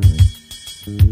thank you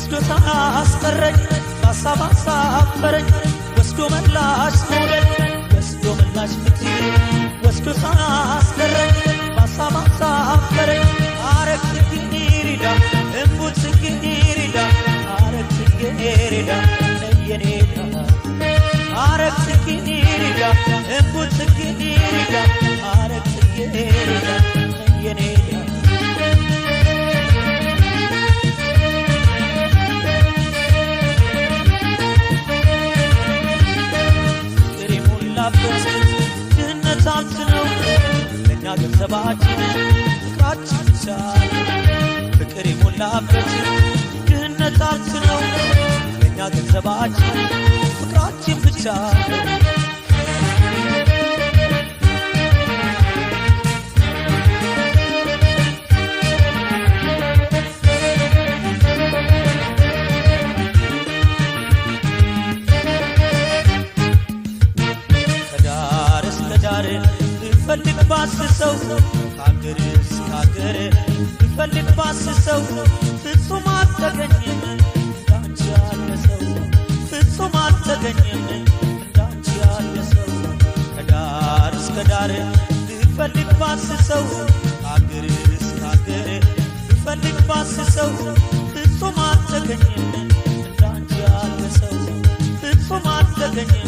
ወስዶታ አስቀረኝ በሀሳብ አሳፈረኝ ወስዶ መላሽ መውደድ ወስዶ መላሽ ወስዶታ አስቀረኝ አሳፈረኝ ቻንስ ነው ገንዘባችን ፍቅራችን ብቻ ፍቅር የሞላበት ነው ለእኛ ገንዘባችን ፍቅራችን ብቻ ሰው ከአገር እስከ አገር ብፈልግ ባስሰው ፍጹም አልተገኘም እንዳንቺ ያለ ሰው ፍጹም አልተገኘም እንዳንቺ ያለ ሰው ከዳር እስከ ዳር ብፈልግ ባስሰው ከአገር እስከ አገር ብፈልግ ፍጹም አልተገኘም እንዳንቺ ያለ ሰው ፍጹም አልተገኘም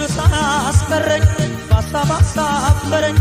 ደስታ አስመረኝ ባሳብ አሳፈረኝ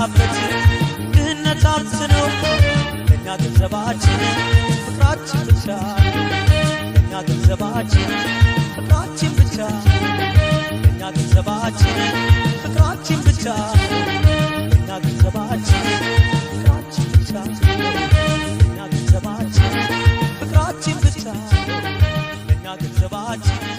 የበዛበት ድህነት ነው ለእኛ ገንዘባችን ፍቅራችን ብቻ ለእኛ ገንዘባችን ፍቅራችን ብቻ ለእኛ ገንዘባችን ፍቅራችን ብቻ ለእኛ ገንዘባችን ፍቅራችን ብቻ ለእኛ ገንዘባችን ፍቅራችን ብቻ ለእኛ ገንዘባችን